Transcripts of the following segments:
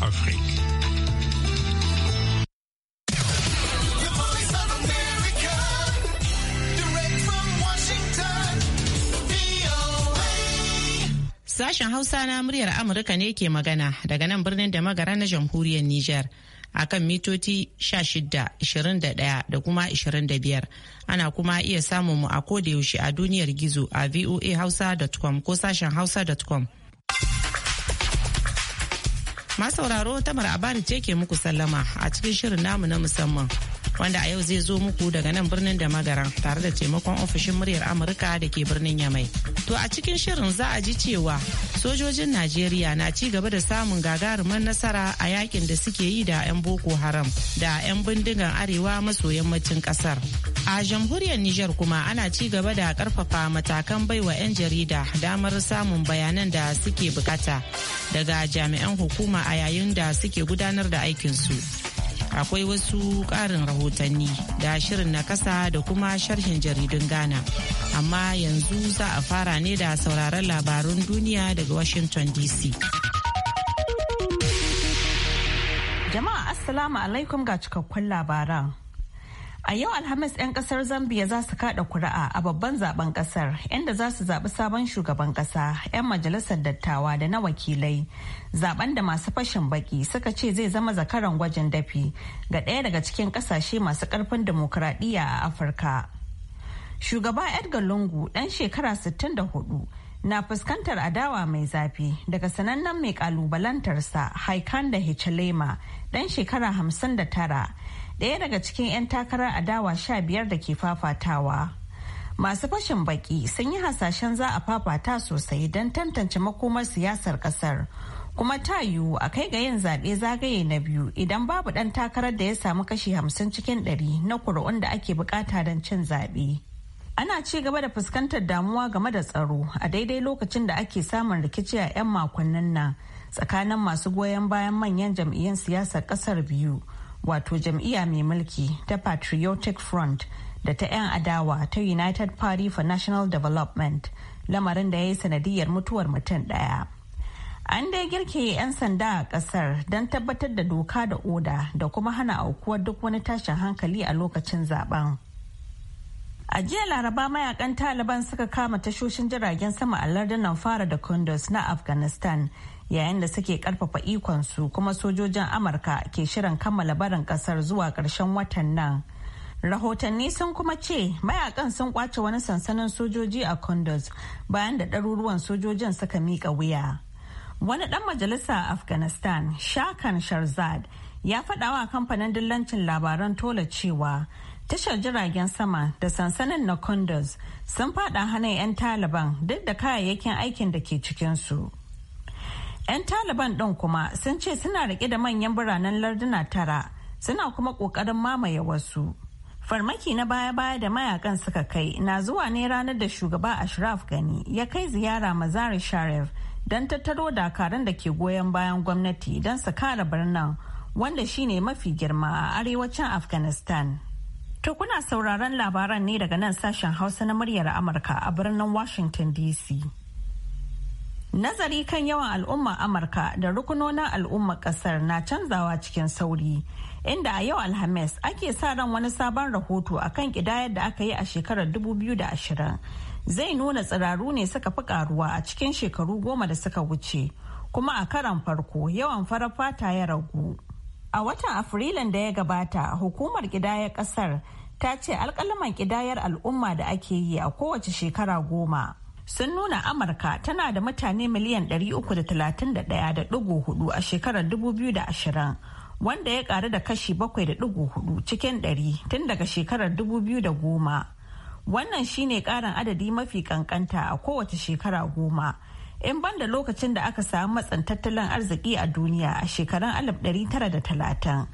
Afrique. Sashen Hausa na muryar Amurka ne ke magana daga nan birnin da magara na jamhuriyar Nijar. a kan mitoci 16-21 da kuma 25 ana kuma iya samun mu a yaushe a duniyar gizo a voahausa.com ko sashen hausa.com Masauraro Tamar Abari ce ke muku sallama a cikin shirin namu na musamman wanda a yau zai zo muku daga nan birnin da magaran tare da taimakon ofishin muryar amurka da ke birnin yamai to a cikin shirin za a ji cewa sojojin najeriya na ci gaba da samun gagarumar nasara a yakin da suke yi da 'yan boko haram da 'yan bindigan arewa maso yammacin kasar a jamhuriyar Nijar kuma ana ci gaba da karfafa matakan baiwa 'yan jarida damar samun bayanan da suke bukata daga jami'an hukuma a yayin da suke gudanar da aikinsu akwai wasu ƙarin rahotanni da shirin na kasa da kuma sharhin jaridun Ghana. Amma yanzu za a fara ne da sauraron labarun duniya daga Washington DC. Jama'a Assalamu alaikum ga cikakkun labaran. A yau Alhamis 'yan kasar Zambia za su kada kuri'a a babban zaben kasar inda za su zaɓi sabon shugaban kasa 'yan majalisar dattawa da na wakilai. Zaben da masu fashin baki suka ce zai zama zakaran gwajin dafi ga ɗaya daga cikin ƙasashe masu ƙarfin dimokuraɗiyya a Afirka. Shugaba Edgar Lungu ɗan shekara 64 na fuskantar adawa mai zafi daga sanannen mai ƙalubalantarsa Haikanda Hichilema ɗan shekara 59 daya daga cikin 'yan takarar adawa sha biyar da ke fafatawa masu fashin baki sun yi hasashen za a fafata sosai don tantance makomar siyasar kasar kuma ta yiwu a kai ga yin zaɓe zagaye na biyu idan babu ɗan takarar da ya samu kashi hamsin cikin ɗari na kuri'un da ake buƙata don cin zaɓe ana ci gaba da fuskantar damuwa game da tsaro a daidai lokacin da ake samun rikici a 'yan makonnin nan tsakanin masu goyon bayan manyan jam'iyyar siyasar kasar biyu wato jam'iyya mai mulki ta patriotic front da ta 'yan adawa ta united party for national development lamarin da ya yi sanadiyar mutuwar mutum daya an dai girke 'yan sanda a kasar don tabbatar da doka da oda da kuma hana aukuwar duk wani tashin hankali a lokacin zaben a jiya laraba mayakan taliban suka kama tashoshin jiragen sama a lardunan fara da kundus na afghanistan yayin da suke karfafa ikonsu kuma sojojin amurka ke shirin kammala barin kasar zuwa karshen watan nan rahotanni sun kuma ce mayakan sun kwace wani sansanin sojoji a condos bayan da ɗaruruwan sojojin suka miƙa wuya wani ɗan majalisa a afghanistan shakan sharzad ya faɗawa kamfanin dillancin labaran tola cewa tashar jiragen sama da sansanin na condos sun fada hannun 'yan taliban duk da kayayyakin aikin da ke cikinsu 'Yan Taliban ɗin kuma sun ce suna rike da manyan biranen larduna tara suna kuma ƙoƙarin mamaye wasu. Farmaki na baya-baya da mayakan suka kai na zuwa ne ranar da shugaba Ashraf Gani ya kai ziyara Mazari Sharif don tattaro dakarun da ke goyon bayan gwamnati don su kara birnin wanda shine mafi girma a arewacin Afghanistan. To kuna sauraron labaran ne daga nan sashen Hausa na muryar Amurka a birnin Washington DC. Nazari kan yawan al'umma Amurka da rukunonin al'umma kasar na canzawa cikin sauri. Inda a yau Alhamis ake sa ran wani sabon rahoto a kan ƙidayar da aka yi a shekarar 2020. Zai nuna tsiraru ne suka fi karuwa a cikin shekaru goma da suka wuce. Kuma a karan farko yawan farar fata ya ragu. A watan Afrilun da ya gabata, hukumar ƙidayar ƙasar ta ce alkalaman kidayar al'umma da ake yi a kowace shekara goma. sun nuna amurka tana da mutane miliyan 331.4 a shekarar 2020 wanda ya karu da kashi 7.4 cikin 100 tun daga shekarar 2010 wannan shine karin adadi mafi kankanta a kowace shekara goma in banda lokacin da aka samu matsan tattalin arziki a duniya a shekarun 1930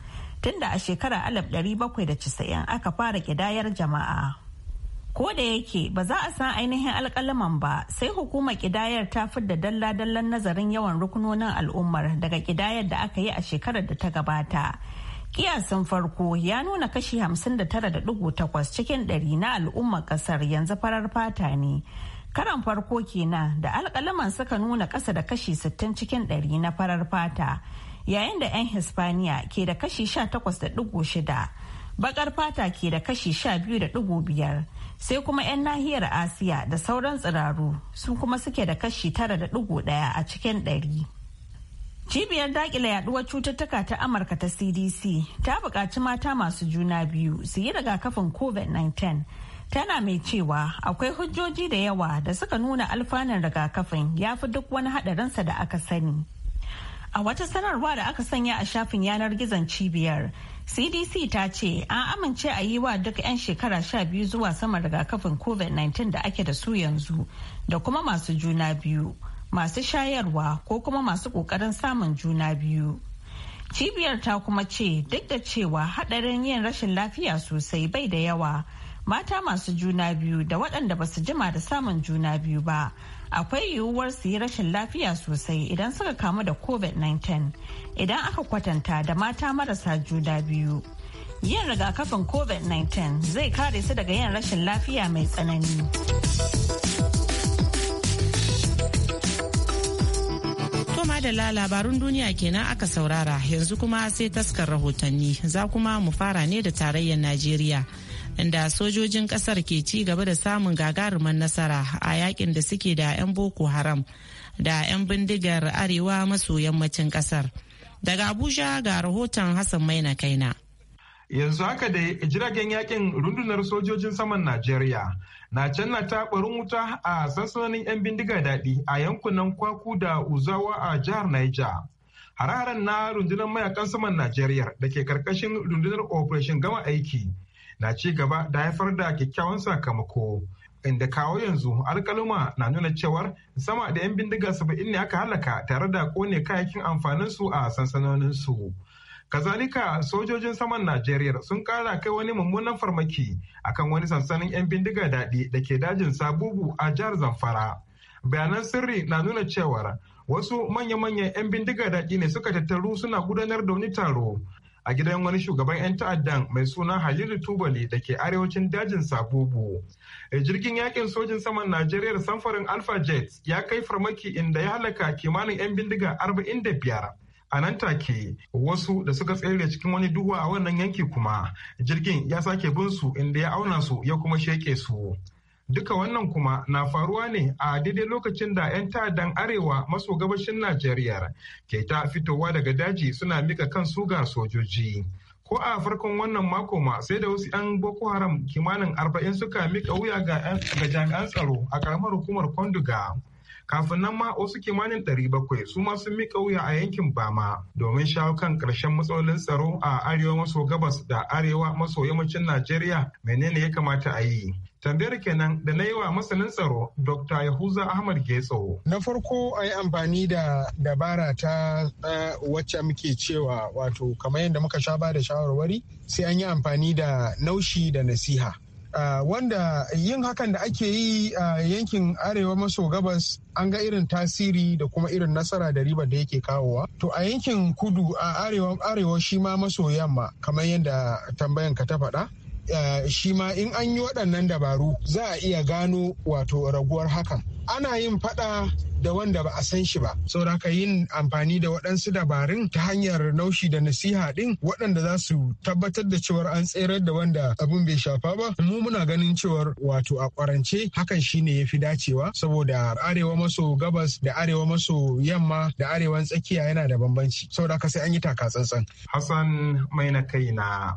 tunda a shekarar 1790 aka fara kidayar jama'a Ko da yake ba za a san ainihin alkalaman ba sai hukumar kidayar ta fidda dalla-dallan nazarin yawan rukunonin al'ummar daga kidayar da aka yi a shekarar da ta gabata. Kiyasin farko ya nuna kashi 59.8 cikin ɗari na al'ummar kasar yanzu farar fata ne. Karan farko kenan da alkalaman suka nuna ƙasa da kashi 60 cikin 100 na farar fata yayin da 'yan Hispaniya ke da kashi 18.6 bakar fata ke da kashi 12.5 sai kuma 'yan nahiyar asiya da sauran tsiraru sun kuma suke da kashi tara da daya a cikin ɗari cibiyar dakile yaduwar cututtuka ta amurka ta cdc ta buƙaci mata masu juna biyu su yi rigakafin covid-19 tana mai cewa akwai hujjoji da yawa da suka nuna alfanun rigakafin ya fi duk wani haɗarinsa da aka sani a wata sanarwa da aka sanya a shafin yanar gizon cibiyar cdc ta ce an amince a yi wa duk 'yan shekara sha biyu zuwa sama rigakafin covid-19 da ake da su yanzu da kuma masu juna biyu masu shayarwa ko kuma masu ƙoƙarin samun juna biyu cibiyar ta kuma ce duk da cewa haɗarin yin rashin lafiya sosai bai da yawa mata masu juna biyu da waɗanda ba su jima da samun juna biyu ba akwai yiwuwar su yi rashin lafiya sosai idan suka kamu da covid-19 idan aka kwatanta da mata marasa juda biyu yin rigakafin covid-19 zai kare su daga yin rashin lafiya mai tsanani da la labarun duniya kenan aka saurara yanzu kuma sai taskar rahotanni za kuma mu fara ne da tarayyar najeriya inda sojojin kasar ke ci gaba da samun gagarumar nasara a yakin da suke da 'yan boko haram da 'yan bindigar arewa maso yammacin kasar daga abuja ga rahoton hassan mai maina kaina yanzu haka da jiragen yakin rundunar sojojin saman najeriya na can na ta barin wuta a sansanonin 'yan bindiga daɗi a yankunan kwaku da uzawa a jihar niger hare na rundunar mayakan saman najeriya da ke karkashin rundunar operation gama aiki na ci gaba da haifar da kyakkyawan sakamako inda kawo yanzu alkaluma na nuna cewar sama da 'yan bindiga saba'in ne aka halaka tare da kone kayakin amfaninsu a sansanoninsu. kazalika sojojin saman najeriya sun kara kai wani mummunan farmaki akan wani sansanin 'yan bindiga daɗi da ke dajin sabubu a jihar zamfara bayanan sirri na nuna cewar wasu manya-manyan 'yan bindiga daɗi ne suka tattaru suna gudanar da wani taro a gidan wani shugaban 'yan ta'addan mai suna Halilu Tubali da ke arewacin dajin Sabubu. Eh, jirgin yakin sojin saman Najeriya samfarin Alpha Jet ya kai farmaki inda ya halaka kimanin 'yan bindiga 45. a nan take wasu da suka tsere cikin wani duhu a wannan yanki kuma jirgin ya sake bin su inda ya auna su ya kuma sheke su Duka wannan kuma na faruwa ne a daidai lokacin da 'yan ta'addan arewa maso gabashin Najeriya ke ta fitowa daga daji suna mika kansu ga sojoji. Ko a farkon wannan mako ma sai da wasu 'yan Boko Haram kimanin arba'in suka mika wuya ga jami'an tsaro a karamar hukumar Kwanduga. kafin nan ma wasu kimanin bakwai su ma sun miƙa wuya a yankin bama domin shawo kan ƙarshen matsalolin tsaro a arewa maso gabas da arewa maso yammacin najeriya menene ya kamata a yi tambayar kenan da na yi wa masanin tsaro dr yahuza ahmad getso na farko a yi amfani da dabara ta wacce muke cewa wato kamar yadda muka sha ba da shawarwari sai an yi amfani da naushi da nasiha Ah, wanda yin hakan da ake yi a yankin arewa maso gabas an ga irin tasiri da kuma irin nasara da ribar da yake kawowa to a yankin kudu a arewa arewa shi ma maso yamma kamar yadda tambayan ta faɗa Eh, shi ma in an yi waɗannan dabaru za a iya gano wato raguwar hakan ana yin faɗa da wanda ba a san shi ba sauraka yin amfani da waɗansu dabarun ta hanyar naushi da nasiha ɗin waɗanda za su tabbatar da cewar an tserar da wanda abin bai shafa ba mu muna ganin cewar wato a ƙwarance hakan shine ya fi dacewa saboda arewa maso gabas da arewa maso yamma da arewan tsakiya yana da bambanci saboda sai an yi taka tsantsan hassan mai na kai na.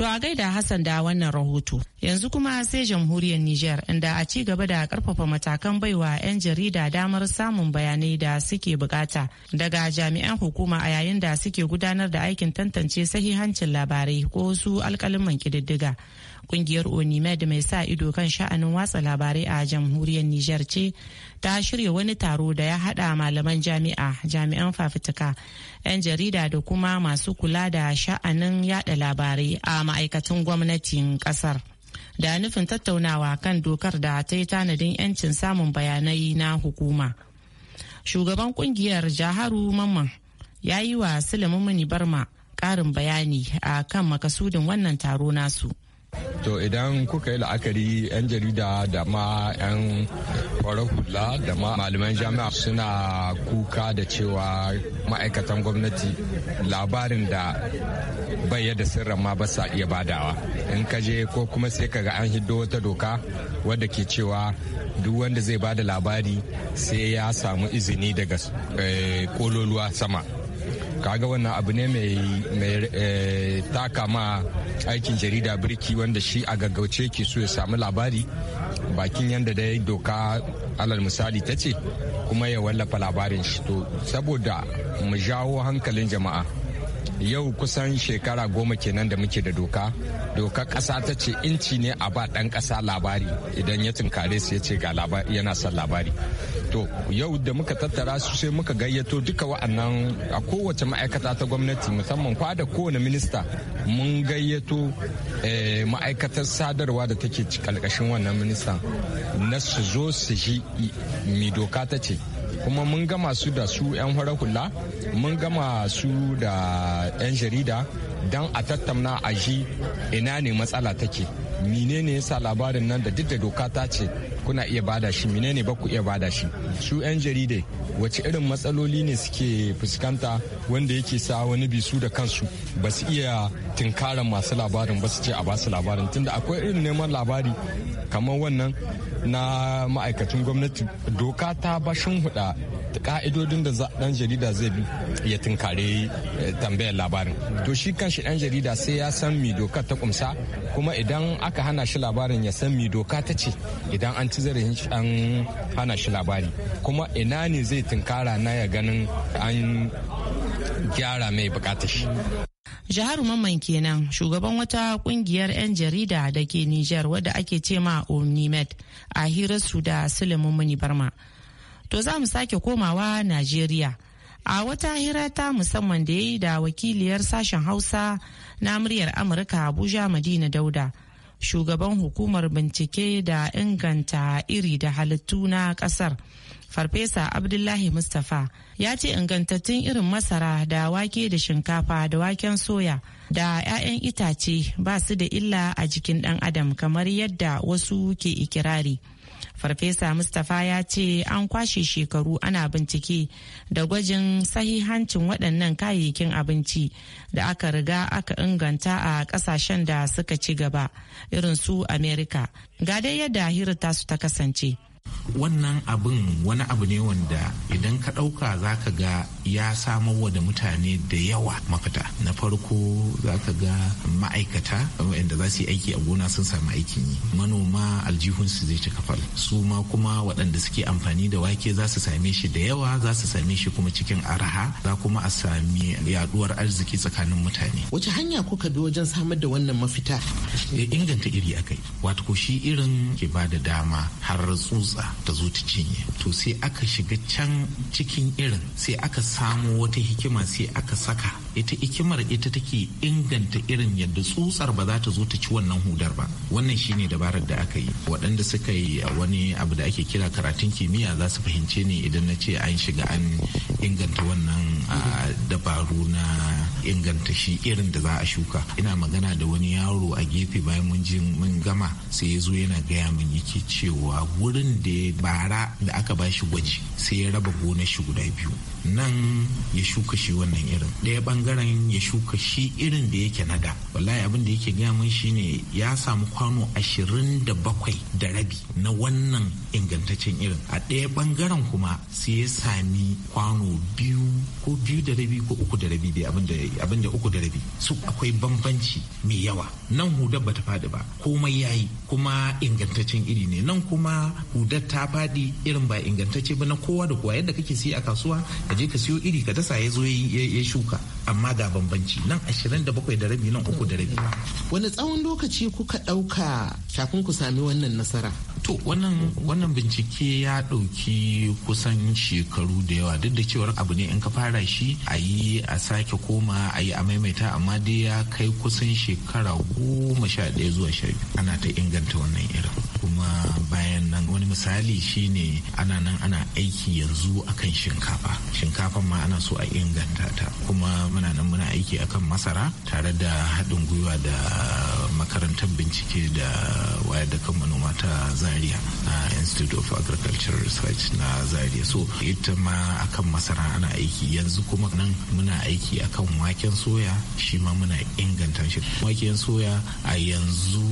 To a gaida Hassan da wannan rahoto. Yanzu kuma sai jamhuriyar Nijar inda a ci gaba da karfafa matakan baiwa 'yan jarida damar samun bayanai da suke bukata daga jami'an hukuma a yayin da suke gudanar da aikin tantance sahihancin labarai ko su alkaliman kididdiga. Kungiyar Onimed mai sa ido kan sha'anin watsa labarai a jamhuriyar Nijar ce ta shirya wani taro da ya haɗa malaman jami'a, jami'an fafutuka, 'yan jarida da kuma masu kula da sha'anin yada labarai a ma'aikatan gwamnatin kasar da nufin tattaunawa kan dokar da ta yi tanadin 'yancin samun bayanai na hukuma shugaban kungiyar jaharu mamman ya yi wa silimin barma karin bayani a kan makasudin wannan taro nasu To idan kuka yi la'akari 'yan jarida da ma 'yan kwarar hula da ma malaman jami'a suna kuka da cewa ma'aikatan gwamnati labarin da bai da ma ba sa iya badawa. In ka je ko kuma sai ka ga an hiddo wata doka wadda ke cewa duk wanda zai bada labari sai ya samu izini daga eh, kololuwa sama. kaga wannan abu ne mai eh, taka ma aikin jarida birki wanda shi a gaggauce ke so ya samu labari bakin yadda da ya doka alal misali ta ce kuma ya wallafa labarin shi to saboda mu jawo hankalin jama'a yau kusan shekara goma kenan da muke da doka doka ƙasa ta ce inci ne a ba ɗan kasa labari idan ya tunkare su ya ce ga yana son labari to yau da muka tattara su sai muka gayyato duka wa'annan a kowace ma'aikata ta gwamnati musamman kwa da kowane minista mun gayyato eh, ma'aikatar sadarwa da take kalkashin wannan minista na su zo su ji mi doka ta ce kuma mun gama su da su 'yan fara hula mun gama su da 'yan jarida don a tattauna a ji ina ne matsala take menene yasa labarin nan da duk da doka ta ce kuna iya bada shi menene ba ku iya bada shi su 'yan jarida wace irin matsaloli ne suke fuskanta wanda yake sa wani bisu da kansu ba su iya tinkara masu labarin ba su ce a basu labarin tunda akwai irin neman labari kamar wannan na ma'aikacin gwamnati doka ta bashin huda ka'idodin da dan jarida zai bi ya tunkare eh, tambayar labarin to shi kanshi dan jarida sai ya san mi doka ta kumsa kuma idan aka hana shi labarin ya san mi doka ta ce idan an ci zarafin shi an hana shi labari kuma ina ne zai tunkara na ya ganin an gyara mai bukatar shi Jihar Mamman kenan shugaban wata kungiyar 'yan jarida da ke Nijar wadda ake ce ma Omnimed a hirarsu da Suleiman Muni Barma. to za mu sake komawa najeriya a wata hira ta musamman da ya yi da wakiliyar sashen hausa na muryar amurka abuja madina dauda shugaban hukumar bincike da inganta iri da halittu na kasar farfesa abdullahi mustapha ya ce ingantattun irin masara da wake da shinkafa da waken soya da 'ya'yan itace ba su da illa a jikin ɗan adam kamar yadda wasu ke ikirari farfesa mustapha ya ce an kwashe shekaru ana bincike da gwajin sahihancin waɗannan kayayyakin abinci da aka riga aka inganta a ƙasashen da suka ci gaba irin su Amerika, ga dai yadda hirata su ta kasance wannan abin wani abu ne wanda idan ka ɗauka za ka ga ya samarwa da mutane da yawa mafita na farko za ka ga ma'aikata waɗanda za su yi aiki a gona sun samu aikin yi manoma aljihunsu zai ci kafal su ma kuma waɗanda suke amfani da wake za su same shi da yawa za su same shi kuma cikin araha za kuma a sami yaduwar arziki tsakanin mutane wace hanya kuka bi wajen samar da wannan mafita ya eh, inganta iri aka yi wato ko shi irin ke ba da dama har tsutsa ta zo ta cinye to sai aka shiga can cikin irin sai aka samo wata hikima sai aka saka ita ikimar ita take inganta irin yadda tsutsar ba za ta zo ta ci wannan hudar ba wannan shine dabarar da aka yi waɗanda suka yi wani abu da ake kira karatun kimiyya za su fahimce ni idan na ce an shiga an inganta wannan dabaru na inganta shi irin da za a shuka ina magana da wani yaro a gefe bayan mun ji mun gama sai ya zo yana gaya min yake cewa wurin da bara da aka bashi gwaji sai ya raba gonar shi guda biyu nan ya shuka shi wannan irin ɗaya bangaren ya shuka shi irin da yake na da wallahi abin da yake gaya min shine ya samu kwano ashirin da bakwai da rabi na wannan ingantaccen irin a ɗaya bangaren kuma sai ya sami kwano biyu ko biyu da rabi ko uku da rabi abin da uku da rabi su akwai bambanci mai yawa nan hudar bata faɗi ba komai ya yi kuma ingantaccen iri ne nan kuma hudar ta faɗi irin ba ingantacce ba na kowa da kowa yadda kake siya a kasuwa ka je ka siyo iri ka dasa ya zo ya shuka amma ga bambanci nan 27 da rabi nan uku da rabi wani tsawon lokaci kuka ɗauka kafin ku sami wannan nasara to wannan bincike ya dauki kusan shekaru da yawa duk da cewar abu ne in ka fara shi a yi a sake koma a yi a maimaita amma dai ya kai kusan shekara goma sha ɗaya zuwa sha ana ta inganta wannan irin kuma bayan nan wani misali shine ana nan ana aiki yanzu akan shinkafa shinkafan ma ana so a inganta ta kuma muna nan muna aiki akan masara tare da haɗin gwiwa da makarantar bincike da wayar da kan manoma ta zaria na institute of agricultural research na zaria so ita ma akan masara ana aiki yanzu kuma nan muna aiki akan waken soya shi ma muna inganta shi waken soya a yanzu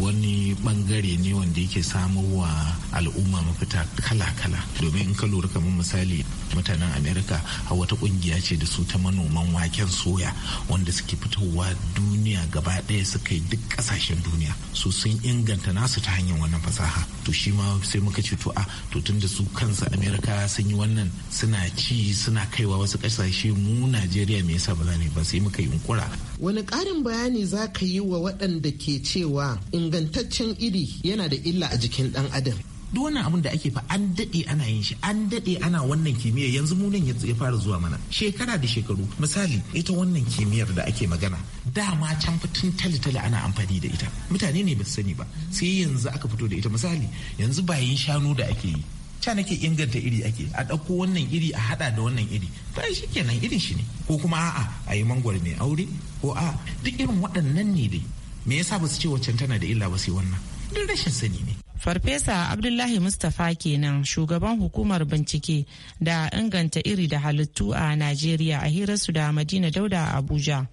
wani bangare ne wanda yake samowa al'umma mafita kala-kala domin in ka lura kamar misali mutanen amerika a wata kungiya ce da su ta manoman waken soya wanda suke fitowa duniya gaba ɗaya suka yi duk ƙasashen duniya su sun inganta nasu ta hanyar wannan fasaha to shi ma sai muka ce to a ah, to tun da su kansa amerika sun yi wannan suna ci suna kaiwa wasu ƙasashe mu najeriya me yasa ba za ne ba sai muka yi yunkura wani ƙarin bayani za ka yi wa waɗanda ke cewa ingantaccen iri yana da illa a jikin ɗan adam duk wannan abin da ake fa an daɗe ana yin shi an daɗe ana wannan kimiyyar yanzu mu nan ya fara zuwa mana shekara da shekaru misali ita wannan kimiyyar da ake magana dama can fitin tale-tale ana amfani da ita mutane ne ba sani ba sai yanzu aka fito da ita misali yanzu bayan shanu da ake yi ta nake inganta iri ake a ɗauko wannan iri a haɗa da wannan iri ba shi kenan irin shi ne ko kuma a'a a yi mangwaro mai aure ko a duk irin waɗannan ne dai me yasa ba su ce waccan tana da illa ba sai wannan duk rashin sani ne Farfesa Abdullahi Mustapha kenan shugaban hukumar bincike da inganta iri da halittu a Najeriya a hirarsu da Madina Dauda a Abuja.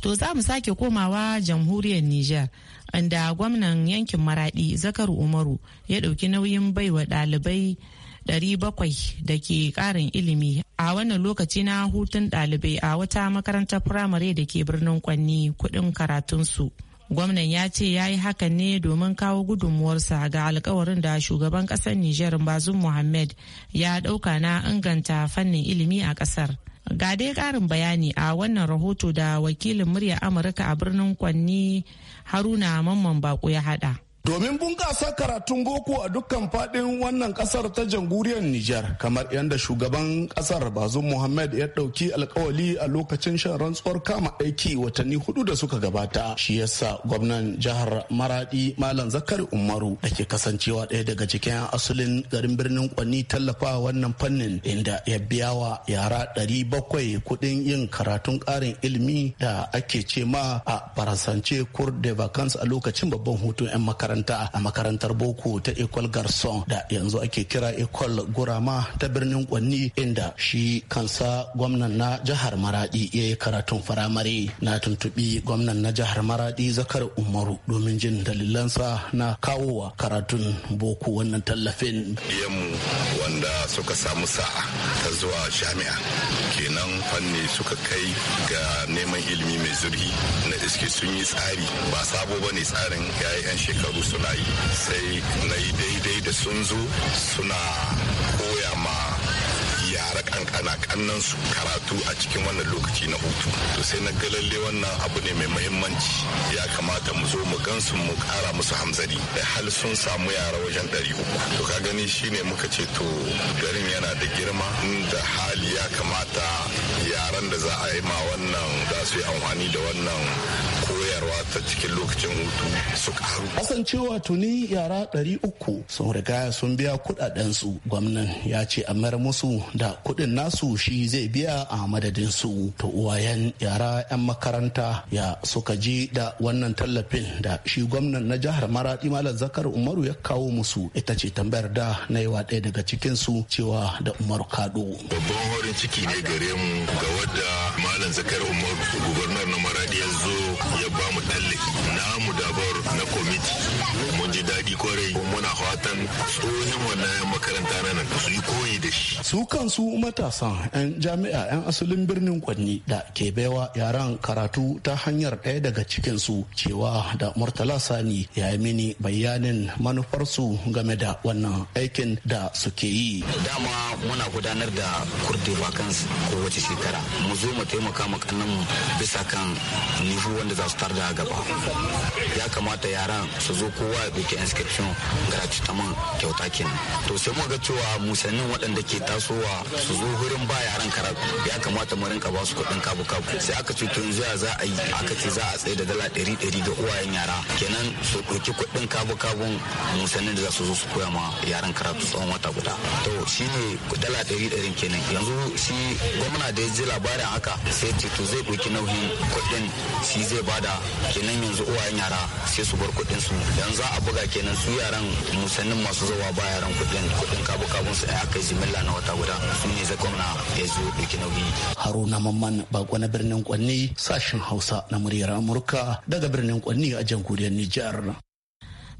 To za mu sake komawa jamhuriyar Nijar, inda gwamnan yankin Maradi Zakaru Umaru ya ɗauki nauyin baiwa ɗalibai 700 da ke ƙarin ilimi a wannan lokaci na hutun ɗalibai a wata makarantar firamare da ke birnin Kwanni kuɗin karatunsu. gwamnan ya ce ya yi hakan ne domin kawo gudunmuwarsa ga alkawarin da shugaban ƙasar nijar bazum muhammad ya ɗauka na inganta fannin ilimi a ƙasar. Ga dai ƙarin bayani a wannan rahoto da wakilin murya Amurka a birnin Kwanni Haruna Mamman Bako ya haɗa. domin bunƙasa karatun boko a dukkan faɗin wannan ƙasar ta jamhuriyar Nijar kamar yadda shugaban ƙasar Bazum Muhammad ya ɗauki alkawali a lokacin shan rantsuwar kama aiki watanni hudu da suka gabata shi yasa gwamnan jihar Maradi Malam Zakari Umaru da ke kasancewa ɗaya daga cikin asulin garin birnin Kwanni tallafa wannan fannin inda ya biya wa yara ɗari bakwai kuɗin yin karatun ƙarin ilimi da ake ce ma a faransance Cour de Vacances a lokacin babban hutun 'yan makaranta. makaranta a makarantar boko ta ecole garson da yanzu ake kira ecole gurama ta birnin kwanni inda shi kansa gwamnan na jihar maradi ya yi karatun firamare na tuntubi gwamnan na jihar maradi zakar umaru domin jin dalilansa na kawowa karatun boko wannan tallafin yamu wanda suka samu sa'a ta zuwa jami'a kenan fanni suka kai ga neman ilimi mai zurfi na iske sun yi tsari ba sabo bane tsarin yayi 'yan shekaru suna yi sai na yi daidai da sun zo suna koya ma yara kankana kannan su karatu a cikin wannan lokaci na hutu to sai na galalle wannan abu ne mai mahimmanci ya kamata mu zo mu gansu mu kara musu hamzari da hal sun samu yara wajen ɗari uku to ka gani shine muka ce to garin yana da girma inda hali ya kamata yaran da za a yi ma wannan za su yi amfani da wannan sayarwa ta cikin lokacin hutu su karu. Kasancewa tuni yara ɗari uku sun riga sun biya kuɗaɗensu. Gwamnan ya ce a mayar musu da kuɗin nasu shi zai biya a madadin su. To uwayen yara 'yan makaranta ya suka ji da wannan tallafin da shi gwamnan na jihar Maradi Malam Zakar Umaru ya kawo musu ita ce tambayar da na yi wa ɗaya daga cikin su cewa da Umaru Kado. Babban horin ciki ne gare mu ga wadda Malam Zakar Umaru gubernar na Maradi ya zo ya ba namu dalle mu dabar na kwamiti mun ji daɗi kwarai muna fatan tsohon wannan nan su yi Su kansu matasan 'yan jami'a 'yan asalin birnin Kwanni da ke baiwa yaran karatu ta hanyar ɗaya daga cikinsu cewa da Murtala Sani ya yi mini bayanin manufarsu game da wannan aikin da suke yi. Dama muna gudanar da kurde vacance kowace shekara. Mu zo mu taimaka mu bisa kan nihu wanda za su tar da gaba. Ya kamata yaran su zo kowa ya ɗauki inscription gratuitaman kyauta kenan. To sai mu ga cewa musannin waɗanda ke tasowa su zo wurin ba yaran karatu ya kamata mu rinka ba su kuɗin kabu kabu sai aka ce to yanzu za a yi aka ce za a tsaye da dala ɗari ɗari ga uwayen yara kenan su ɗauki kuɗin kabu kabun musannin da za su zo su koya ma yaran karatu tsawon wata guda to shine dala ɗari ɗari kenan yanzu shi gwamna da ya ji labarin haka sai ce to zai ɗauki nauyin kuɗin shi zai bada kenan yanzu uwayen yara sai su bar kuɗin su yanzu za a buga kenan su yaran musannin masu zawa ba yaran kuɗin kuɗin kabu kabun su aka yi jimilla na wata guda su ne zai gwamna ya zo ɗauki nauyi. Haruna Mamman bako na birnin Kwanni sashen Hausa na muryar Amurka daga birnin Kwanni a jamhuriyar Nijar.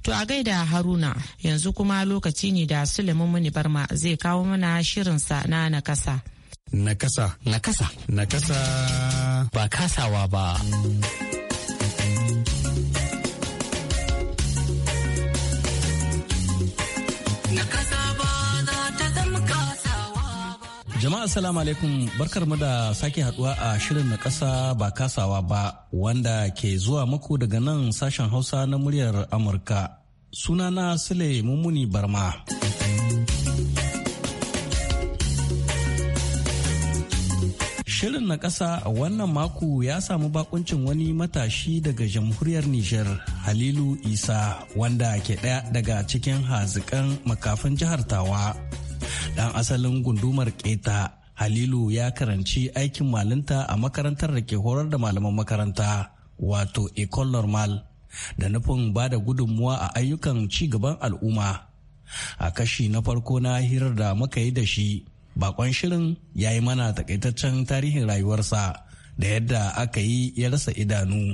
To a gaida Haruna yanzu kuma lokaci ne da Suleiman Muni Barma zai kawo mana shirinsa na nakasa. Nakasa. Nakasa. Nakasa. Ba kasawa ba. Jama'a salamu alaikum barkar mu da sake haduwa a shirin na kasa ba kasawa ba wanda ke zuwa muku daga nan sashen hausa na muryar Amurka. Sunana Sule Mummuni Barma. Shirin na ƙasa a wannan mako ya samu bakuncin wani matashi daga jamhuriyar Nijar Halilu Isa wanda ke ɗaya daga cikin hazikan makafin jihar Tawa. dan asalin gundumar keta halilu ya karanci aikin malinta a makarantar da ke horar da malaman makaranta wato ecole normal da nufin ba da gudunmuwa a ayyukan ci gaban al'umma a kashi na farko na hirar da muka yi da shi bakon shirin ya yi mana takaitaccen tarihin rayuwarsa da yadda aka yi ya rasa idanu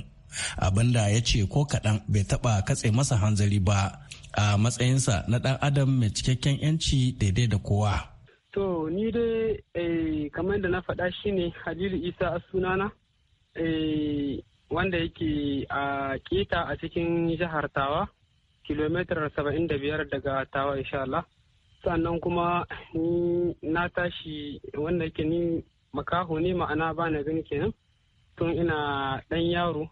abinda ya ce ko kaɗan bai taɓa katse masa hanzari ba a matsayinsa na ɗan adam mai cikakken 'yanci daidai da kowa. To ni dai eh, kamar da na faɗa shi ne Halilu Isa a sunana eh, wanda yake a keta a cikin jihar Tawa kilomitar 75 daga Tawa insha Allah. Sannan kuma ni na tashi wanda yake ni makaho ne ma'ana ba na gani kenan tun ina ɗan yaro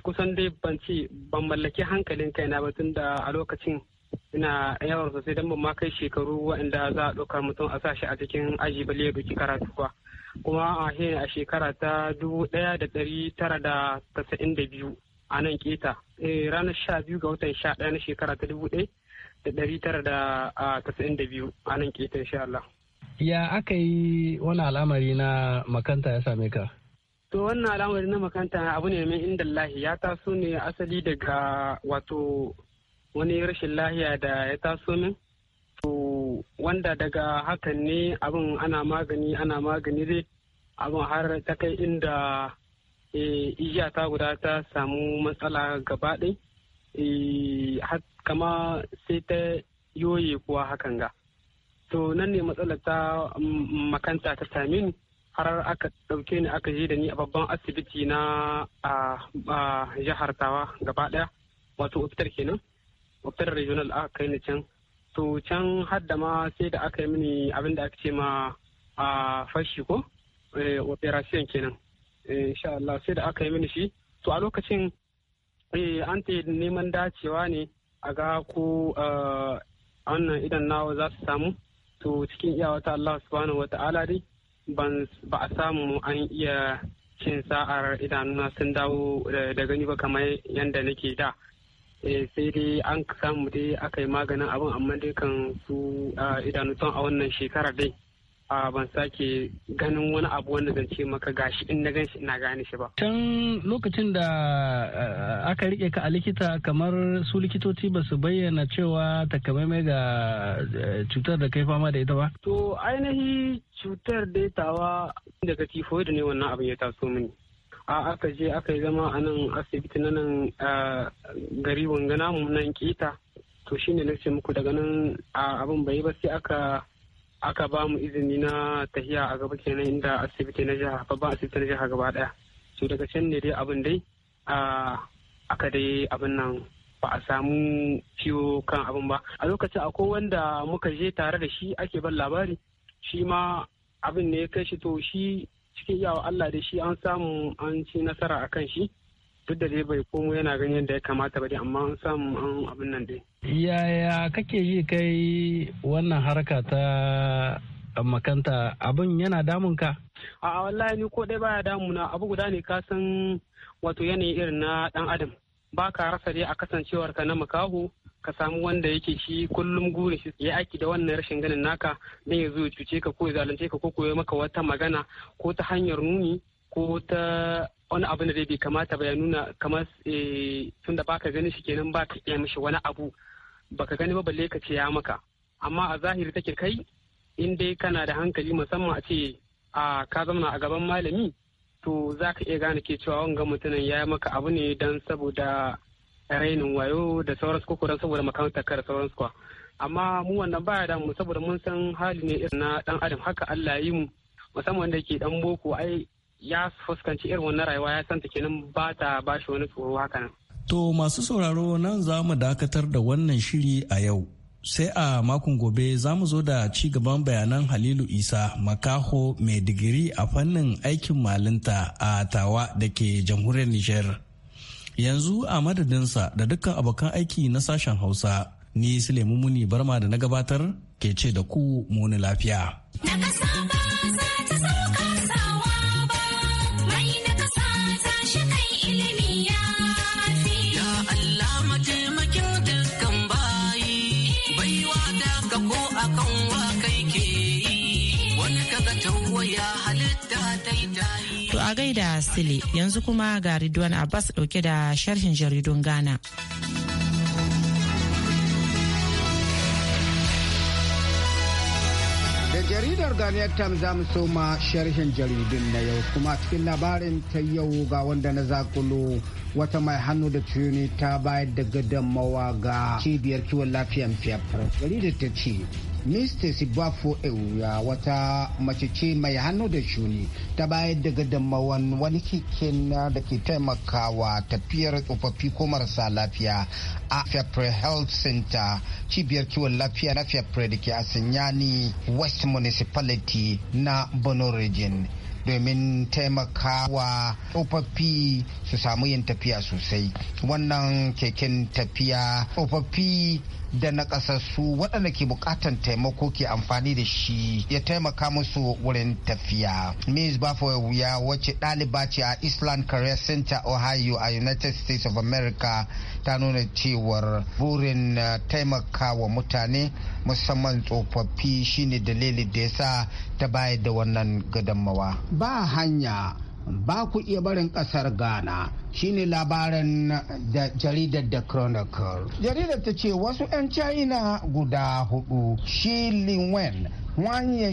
kusan dai ban ce ban mallaki hankalin kaina ba tun da a lokacin ina yawan sosai don ban ma kai shekaru waɗanda za a ɗaukar mutum a sashi a cikin aji bale ya doki karatu ba kuma a a shekara ta dubu ɗaya da ɗari tara da tasa'in da biyu a nan keta eh, ranar sha biyu ga watan sha ɗaya na shekara ta dubu ɗaya da ɗari tara da tasa'in da biyu a nan keta insha Allah. ya aka yi wani al'amari na makanta ya same ka? To wannan al'amari na makanta abu ne mai inda lahi ya taso ne asali daga wato wani rashin lahiya da ya taso min. To wanda daga hakan ne abin ana magani ana magani zai abin har ta kai inda eh, ijiya ta guda ta samu matsala gabaɗai eh, kama sai ta yoye kuwa hakan ga. To nan ne matsalar ta mm, makanta ta same ni. har aka ɗauke ni aka je da ni a babban asibiti na a jihar tawa gaba ɗaya wato hospital kenan hospital regional aka kai ni can to can hadda ma sai da aka yi mini abin da aka ce ma a fashi ko eh, operation kenan eh, insha Allah sai da aka yi mini shi to a lokacin eh, an ta neman dacewa ne a ga ko wannan idan nawa za su samu to cikin iyawata Allah subhanahu wa ta'ala dai ba a samu an iya cin sa'ar idanuna sun dawo da gani ba kamar yadda nake da eh, sai dai an samu dai aka yi maganin abin amma dai kan su ah, idanu a wannan shekarar dai a ban sake ganin wani abu wanda zan ce maka gashi in na ganshi ina gane shi ba. Can lokacin da aka rike ka a likita kamar su likitoci ba su bayyana cewa takamaimai ga cutar da kai fama da ita ba? To ainihi cutar da ya daitawa daga tifoid ne wannan abin ya taso mini. a aka je aka yi zama a nan asibiti na nan gari wangana mu nan kita to shine na ce muku daga nan abin bai ba sai aka aka ba mu izini na tahiya a gaba kenan inda asibiti na jiha babban asibiti na jiha gaba daya to daga can ne dai abin dai a aka dai abin nan ba a samu ciwo kan abin ba a lokacin akwai wanda muka je tare da shi ake ban labari shi ma abin ne ya kai shi to shi cikin yawa Allah da shi an samu an ci nasara akan shi duk da dai bai komo yana ganin yadda ya kamata ba dai amma an an abin nan dai yaya kake ji kai wannan harka ta makanta abin yana damun ka a wallahi ni ko dai baya damuna abu guda ne ka san wato yanayi irin na dan adam ba ka rasa dai a kasancewar ka na makaho ka samu wanda yake shi kullum gurin shi ya aiki da wannan rashin ganin naka dan ya zo ya cuce ka ko ya zalunce ka ko koya maka wata magana ko ta hanyar nuni ko ta wani abu da bai kamata ba ya nuna kamar eh, tun da baka gani shi kenan baka iya mishi wani abu baka gani ba balle ka ce ya maka amma a zahiri take kai in dai kana da hankali musamman a ce a ka zauna a gaban malami to za ka iya gane ke cewa wanga mutumin ya maka abu ne don saboda rainin wayo da sauransu ko kuran saboda makarantar kar sauransu kwa amma mu wannan baya da mu saboda mun san hali ne irin na dan adam haka Allah ya yi mu musamman da ke dan boko ai ya fuskanci irin wannan rayuwa ya santa kenan ba ta ba shi wani tsoro haka nan. To masu sauraro nan za mu dakatar da wannan shiri a yau. Sai a makon gobe za mu zo da ci gaban bayanan Halilu Isa Makaho mai digiri a fannin aikin malinta a Tawa da ke jamhuriyar Nijar. Yanzu a madadinsa da dukkan abokan aiki na sashen Hausa, ni Sulemu Muni Barma da na gabatar ke ce da ku muni lafiya. Na da Sile yanzu kuma ga Ridwan Abbas dauke da sharhin jaridun Ghana. Da jaridar Ghanaian Times za mu soma sharhin jaridun na yau kuma cikin labarin ta yau ga wanda na zakulo wata mai hannu da tuni ta bayar da gadamawa ga cibiyar kiwon lafiyan fiyafar. Jaridar ta ce mista sibafo Ewuya wata mace ce mai hannu da shuni ta bayar da gadamawan wani keke da ke taimakawa tafiyar tsofaffi ko marasa lafiya a fepre health center cibiyar kiwon lafiya na fepre da ke asinyani west municipality na bono region domin taimakawa tsofaffi su samu yin tafiya sosai wannan keken tafiya tsofaffi da na nakasassu waɗanda ke bukatan taimako ke amfani da shi ya taimaka musu wurin tafiya. Ms. Bafo wuya wace ɗaliba ce a Island Career Center Ohio a United States of America ta nuna cewar burin eh, wa mutane musamman tsofaffi shine dalili da ya sa ta bayar da wannan gadammawa. Ba hanya ba ku iya barin ƙasar Ghana. shine labaran da jaridar da chronicle jaridar ta ce wasu 'yan china guda hudu shi linwen wanye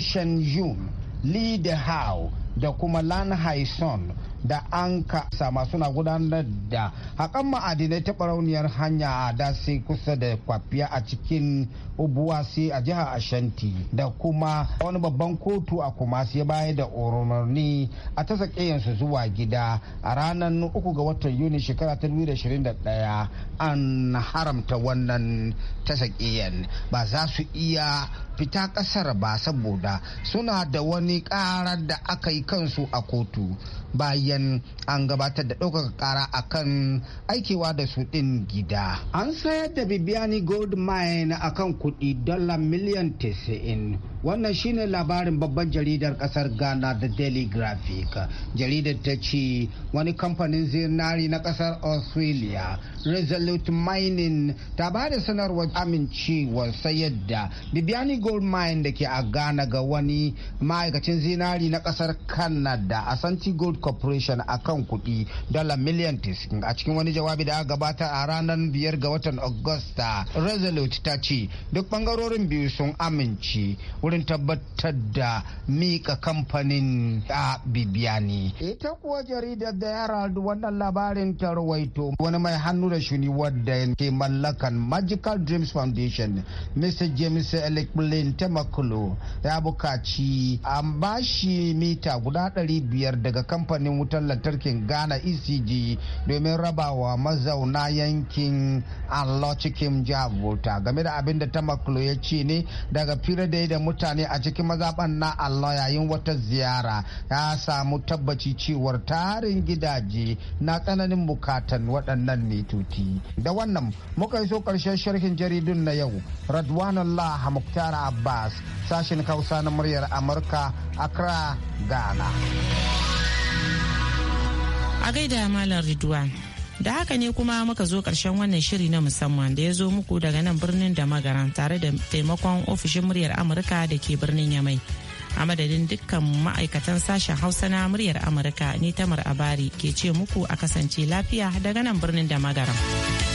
yun li hao da kuma lan haison da an ka sama suna gudanar da haƙan ma'adinai ta barauniyar hanya a dasi kusa da kwafiya a cikin ubuwasi a jihar ashanti da kuma wani babban kotu a kumasi ya baya da umarni a ta yansu zuwa gida a ranar uku ga watan yuni shekara ta 2021 an haramta wannan ta ba za su iya fita ƙasar ba saboda suna da wani ƙara da aka yi kansu a kotu bayan an gabatar da ɗaukaka ƙara akan aikewa da su ɗin gida. An sayar da Bibiani Gold Mine akan kuɗi dala miliyan 90 wannan shine labarin babban jaridar kasar ghana da daily graphic jaridar ta ce wani kamfanin zinari na kasar australia resolute mining ta ba da sanarwar amincewar sayar da bibiani gold mine da ke a ghana ga wani ma'aikacin zinari na kasar canada asanti gold corporation a kan kuɗi dala miliyan 90 a cikin wani jawabi da aka gabata a ranar biyar ga watan Agusta resolute ta ce duk bangarorin biyu sun amince wurin wurin tabbatar da mika kamfanin a bibiyani. Ita kuwa jaridar da Herald wannan labarin ta rawaito wani mai hannu da shuni wadda ke mallakan Magical Dreams Foundation, Mr. James Elekblin Temakulo ya bukaci an bashi mita guda ɗari biyar daga kamfanin wutar lantarkin Ghana ECG domin rabawa mazauna yankin Allah cikin jihar game da abin da Temakulo ya ce ne daga fira da da mutane mutane a cikin mazaban na Allah yayin wata ziyara ya samu tabbaci cewar tarin gidaje na tsananin bukatan waɗannan mituti. Da wannan muka iso ƙarshen sharhin jaridun na yau Radwan Allah Abbas sashen Hausa na muryar Amurka Accra Ghana. A gaida Malam Ridwan. Da haka ne kuma muka zo karshen wannan shiri na musamman da ya zo muku daga nan birnin da magaran tare da taimakon ofishin muryar Amurka da ke birnin Yamai. A madadin dukkan ma'aikatan sashen Hausa na muryar Amurka ni Tamar Abari ke ce muku a kasance lafiya daga nan birnin da magaran.